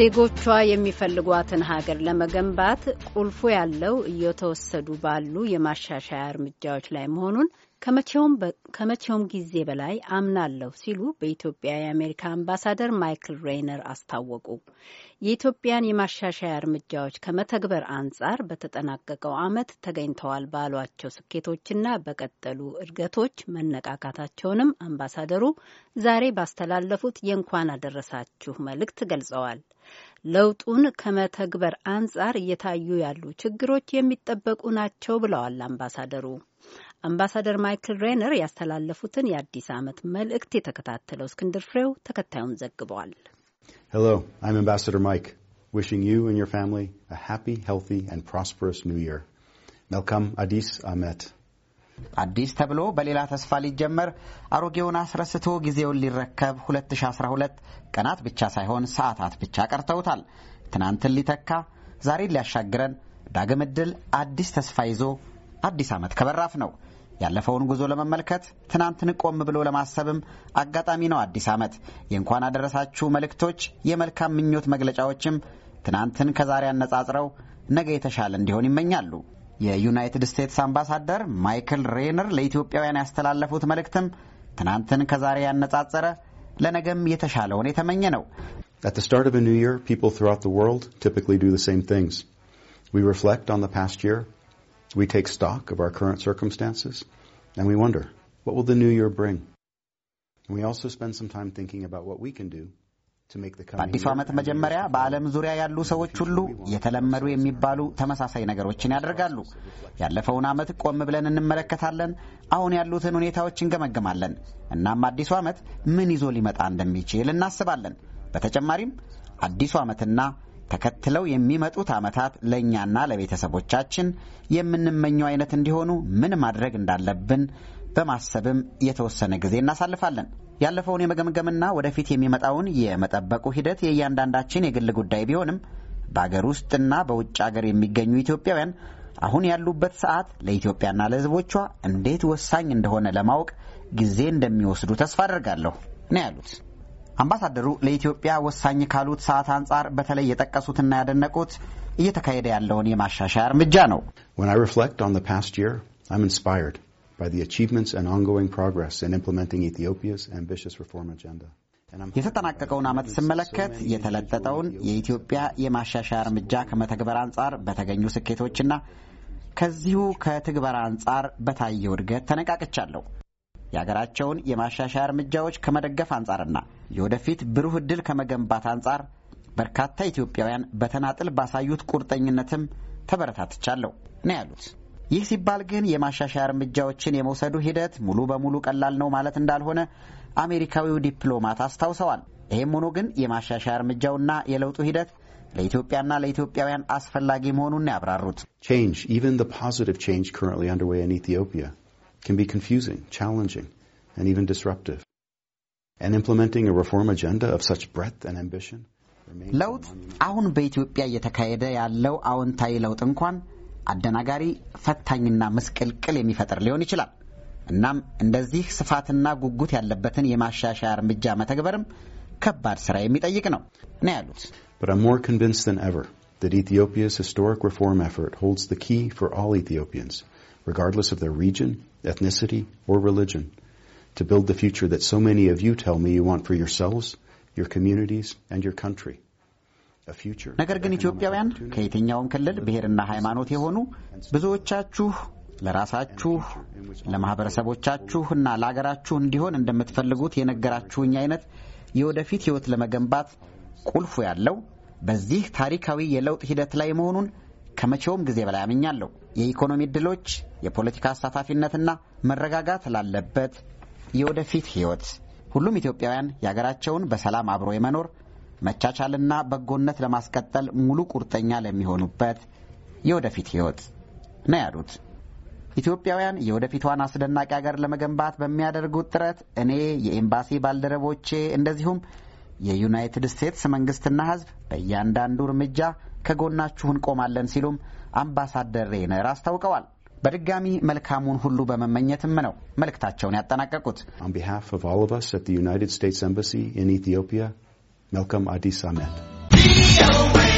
ዜጎቿ የሚፈልጓትን ሀገር ለመገንባት ቁልፉ ያለው እየተወሰዱ ባሉ የማሻሻያ እርምጃዎች ላይ መሆኑን ከመቼውም ጊዜ በላይ አምናለሁ ሲሉ በኢትዮጵያ የአሜሪካ አምባሳደር ማይክል ሬይነር አስታወቁ። የኢትዮጵያን የማሻሻያ እርምጃዎች ከመተግበር አንጻር በተጠናቀቀው ዓመት ተገኝተዋል ባሏቸው ስኬቶችና በቀጠሉ እድገቶች መነቃቃታቸውንም አምባሳደሩ ዛሬ ባስተላለፉት የእንኳን አደረሳችሁ መልእክት ገልጸዋል። ለውጡን ከመተግበር አንጻር እየታዩ ያሉ ችግሮች የሚጠበቁ ናቸው ብለዋል አምባሳደሩ። አምባሳደር ማይክል ሬነር ያስተላለፉትን የአዲስ ዓመት መልእክት የተከታተለው እስክንድር ፍሬው ተከታዩን ዘግበዋል። ሄሎ አይም አምባሳደር ማይክ ዊሽንግ ዩ ኤንድ ዮር ፋሚሊ አ ሃፒ ሄልዚ አዲስ ዓመት። አዲስ ተብሎ በሌላ ተስፋ ሊጀመር አሮጌውን አስረስቶ ጊዜውን ሊረከብ 2012 ቀናት ብቻ ሳይሆን ሰዓታት ብቻ ቀርተውታል። ትናንትን ሊተካ ዛሬን ሊያሻግረን ዳግም ዕድል አዲስ ተስፋ ይዞ አዲስ ዓመት ከበራፍ ነው። ያለፈውን ጉዞ ለመመልከት ትናንትን ቆም ብሎ ለማሰብም አጋጣሚ ነው። አዲስ ዓመት የእንኳን አደረሳችሁ መልእክቶች፣ የመልካም ምኞት መግለጫዎችም ትናንትን ከዛሬ አነጻጽረው ነገ የተሻለ እንዲሆን ይመኛሉ። የዩናይትድ ስቴትስ አምባሳደር ማይክል ሬነር ለኢትዮጵያውያን ያስተላለፉት መልእክትም ትናንትን ከዛሬ ያነጻጸረ ለነገም የተሻለውን የተመኘ ነው። At the start of a new year, people throughout the world typically do the same things. We reflect on the past year We take stock of our current circumstances and we wonder, what will the new year bring? And we also spend some time thinking about what we can do በአዲሱ ዓመት መጀመሪያ በዓለም ዙሪያ ያሉ ሰዎች ሁሉ የተለመዱ የሚባሉ ተመሳሳይ ነገሮችን ያደርጋሉ። ያለፈውን ዓመት ቆም ብለን እንመለከታለን። አሁን ያሉትን ሁኔታዎች እንገመግማለን። እናም አዲሱ ዓመት ምን ይዞ ሊመጣ እንደሚችል እናስባለን። በተጨማሪም አዲሱ ዓመትና ተከትለው የሚመጡት ዓመታት ለእኛና ለቤተሰቦቻችን የምንመኘው አይነት እንዲሆኑ ምን ማድረግ እንዳለብን በማሰብም የተወሰነ ጊዜ እናሳልፋለን። ያለፈውን የመገምገምና ወደፊት የሚመጣውን የመጠበቁ ሂደት የእያንዳንዳችን የግል ጉዳይ ቢሆንም በአገር ውስጥና በውጭ አገር የሚገኙ ኢትዮጵያውያን አሁን ያሉበት ሰዓት ለኢትዮጵያና ለሕዝቦቿ እንዴት ወሳኝ እንደሆነ ለማወቅ ጊዜ እንደሚወስዱ ተስፋ አደርጋለሁ ነው ያሉት። አምባሳደሩ ለኢትዮጵያ ወሳኝ ካሉት ሰዓት አንጻር በተለይ የጠቀሱትና ያደነቁት እየተካሄደ ያለውን የማሻሻያ እርምጃ ነው። የተጠናቀቀውን ዓመት ስመለከት የተለጠጠውን የኢትዮጵያ የማሻሻያ እርምጃ ከመተግበር አንጻር በተገኙ ስኬቶችና ከዚሁ ከትግበራ አንጻር በታየው እድገት ተነቃቅቻለሁ። የሀገራቸውን የማሻሻያ እርምጃዎች ከመደገፍ አንጻርና የወደፊት ብሩህ ዕድል ከመገንባት አንጻር በርካታ ኢትዮጵያውያን በተናጥል ባሳዩት ቁርጠኝነትም ተበረታትቻለሁ ነው ያሉት። ይህ ሲባል ግን የማሻሻያ እርምጃዎችን የመውሰዱ ሂደት ሙሉ በሙሉ ቀላል ነው ማለት እንዳልሆነ አሜሪካዊው ዲፕሎማት አስታውሰዋል። ይህም ሆኖ ግን የማሻሻያ እርምጃውና የለውጡ ሂደት ለኢትዮጵያና ለኢትዮጵያውያን አስፈላጊ መሆኑን ነው ያብራሩት። ቼንጅ ኢቨን ዘ ፖዚቲቭ ቼንጅ ከረንትሊ አንደርዌይ ኢን ኢትዮጵያ ካን ቢ ኮንፊውዚንግ ቻሌንጂንግ ኤንድ ኢቨን ዲስራፕቲቭ and implementing a reform agenda of such breadth and ambition ለውጥ አሁን በኢትዮጵያ እየተካሄደ ያለው አዎንታዊ ለውጥ እንኳን አደናጋሪ ፈታኝና ምስቅልቅል የሚፈጥር ሊሆን ይችላል። እናም እንደዚህ ስፋትና ጉጉት ያለበትን የማሻሻያ እርምጃ መተግበርም ከባድ ስራ የሚጠይቅ ነው ነው ያሉት። Ethiopia's historic reform effort holds the key for all Ethiopians, regardless of their region, ethnicity, or religion. to build the future that so many of you tell me you want for yourselves, your communities, and your country. ነገር ግን ኢትዮጵያውያን ከየትኛውም ክልል ብሔርና ሃይማኖት የሆኑ ብዙዎቻችሁ ለራሳችሁ ለማህበረሰቦቻችሁ እና ለአገራችሁ እንዲሆን እንደምትፈልጉት የነገራችሁኝ አይነት የወደፊት ህይወት ለመገንባት ቁልፉ ያለው በዚህ ታሪካዊ የለውጥ ሂደት ላይ መሆኑን ከመቼውም ጊዜ በላይ አምኛለሁ። የኢኮኖሚ እድሎች፣ የፖለቲካ አሳታፊነትና መረጋጋት ላለበት የወደፊት ህይወት ሁሉም ኢትዮጵያውያን የአገራቸውን በሰላም አብሮ የመኖር መቻቻልና በጎነት ለማስቀጠል ሙሉ ቁርጠኛ ለሚሆኑበት የወደፊት ህይወት ነው ያሉት። ኢትዮጵያውያን የወደፊቷን አስደናቂ አገር ለመገንባት በሚያደርጉት ጥረት እኔ፣ የኤምባሲ ባልደረቦቼ እንደዚሁም የዩናይትድ ስቴትስ መንግስትና ህዝብ በእያንዳንዱ እርምጃ ከጎናችሁ እንቆማለን ሲሉም አምባሳደር ሬነር አስታውቀዋል። በድጋሚ መልካሙን ሁሉ በመመኘትም ነው መልክታቸውን ያጠናቀቁት። ኦን ቢሃፍ ኦፍ ኦል ኦፍ አስ አዲስ አመት።